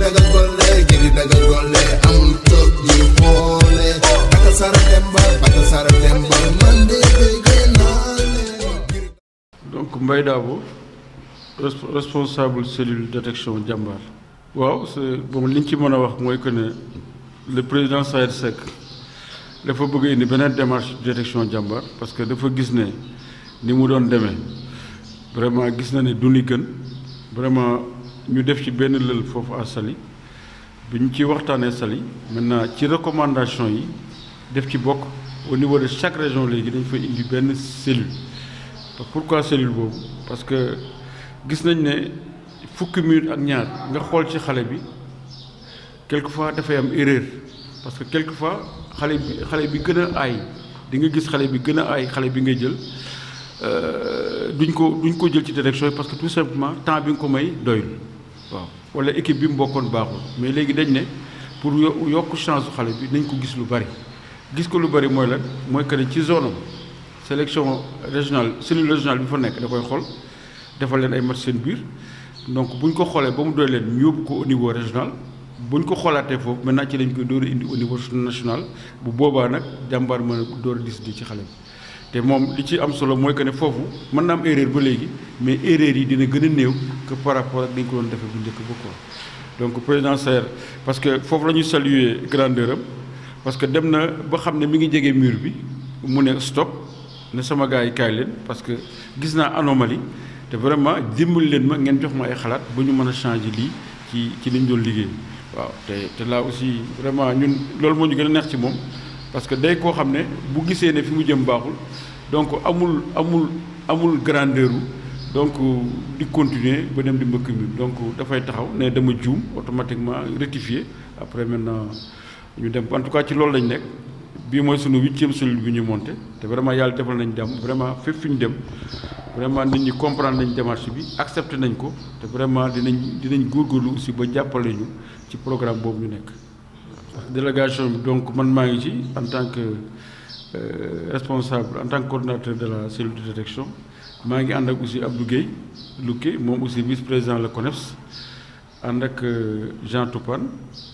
daga golle giri daga golle amul toog ñu xoole baka sara demba baka sara demba man de bëggee naa donc Mbaye Dabo responsable cellule détection jambar waaw c'est bon li ci mën wax moy que le président Saïd Seck dafa bëgg indi beneen démarche détection jambar parce que dafa gis ne ni mu doon demee vraiment gis na ne du ni gën vraiment ñu def ci benn lël foofu à sali bi ñu ci waxtaanee Saly maintenant ci recommandation yi def ci bokk au niveau de chaque région léegi dañ fa indi benn cellule pourquoi cellule boobu parce que gis nañ ne fukki minute ak ñaar nga xool ci xale bi fois dafay am erreur parce que fois xale bi xale bi gën a ay di nga gis xale bi gën a ay xale bi ngay jël. Euh, duñ ko duñ ko jël ci direction parce que tout simplement temps bi ko may doyul waaw wala équipe bi mu bokkoon baaxul mais légui dañ né pour yokk chance xalé bi nañ ko gis lu bari gis ko lu bari moy lan moy que ci zone sélection régionale cellule régionale bi fa nek da koy xol defal len ay match seen biir donc buñ ko xolé ba mu doy leen ñu ko au niveau régional buñ ko xolaté foofu maintenant ci lañ koy door indi au niveau national bu boba nak jambar mën a door a décider ci xalé bi té mom li ci am solo moy que né fofu man na am erreur ba légui mais erreur yi dina gëna a que par rapport ak dañ ko doon défé bu ndëkk bu ko donc président Saer parce que fofu la ñuy saluer grandeur am parce que dem na ba xamné mi ngi jege mur bi mu né stop né sama gaay kay kaay leen parce que gis na anomalie té vraiment dimbul leen ma ngeen jox ma ay xalaat bu ñu mëna changer li ci ci liñ doon liggéey waaw té té là aussi vraiment ñun loolu mo ñu gëna neex ci mom parce que day koo xam ne bu gisee ne fi mu jëm baaxul donc amul amul amul grandeur donc di continuer ba dem di mbëkk mi donc dafay taxaw ne dama juum automatiquement rectifier après maintenant ñu dem en tout cas ci loolu lañ nekk bii mooy sunu huitième cellule bi ñu monté te vraiment yàlla defal nañ dem vraiment fépp fi ñu dem vraiment nit ñi comprendre nañ démarche bi accepté nañ ko te vraiment dinañ dinañ góorgóorlu aussi ba jàppale ñu ci programme boobu ñu nekk. délégation donc mon en tant que euh, responsable en tant que coordonnateur de la cellule de détection je suis aussi Abdou Gueye, mon aussi vice président la CONEPS avec euh, Jean Toupane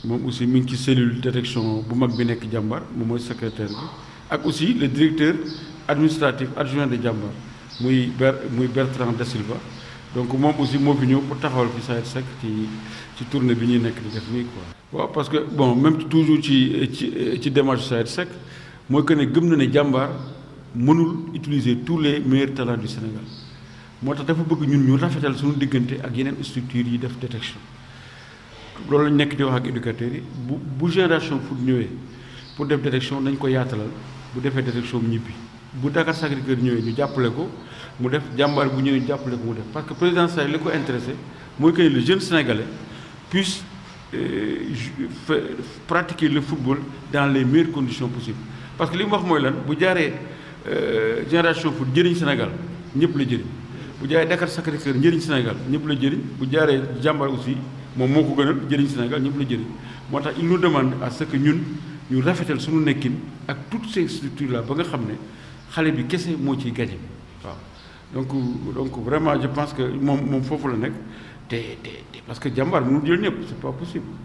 mon aussi mi cellule cellule détection direction mag bi aussi secrétaire et aussi le directeur administratif adjoint de Djambar, Bertrand Da Silva donc moi aussi moo fi ñëw pour taxawal fi Saer Sec ci ci tourner bi ñuy nekk di def ni quoi. waaw parce que bon même toujours ci ci ci démarche Saer Seck mooy que ne gëm na ne jàmbaar mënul utiliser tous les meilleurs talents du Sénégal moi dafa bëgg ñun ñu rafetal suñu digënté ak yeneen structures yi def détection loolu lañ nekk di wax ak éducateurs yi bu génération foot ñëwee pour def détection dañ ko yaatalal bu defee détection mu ñibbi bu Dakar Sacré-Cœur ñëwee ñu jappalé ko mu def jambar bu ñëwee jappalé ko mu def parce que président Sall liko intéressé moy que le jeune sénégalais puisse euh, pratiquer le football dans les meilleures conditions possibles parce que li wax moy lan bu euh, génération foot jëriñ Sénégal ñëpp la jëriñ bu jaré Dakar Sacré-Cœur njëriñ Sénégal ñëpp la jëriñ bu jaré jambar aussi mom moko gënal jëriñ Sénégal ñëpp la jëriñ motax il nous demande à ce que ñun ñu rafetal suñu nekkin ak toutes ces structures là ba nga xamné xale bi kese moo ciy gaje waaw donc donc vraiment je pense que moom moom fofu la nek té té te parce que jambar mënul jël ñëpp c'est pas possible.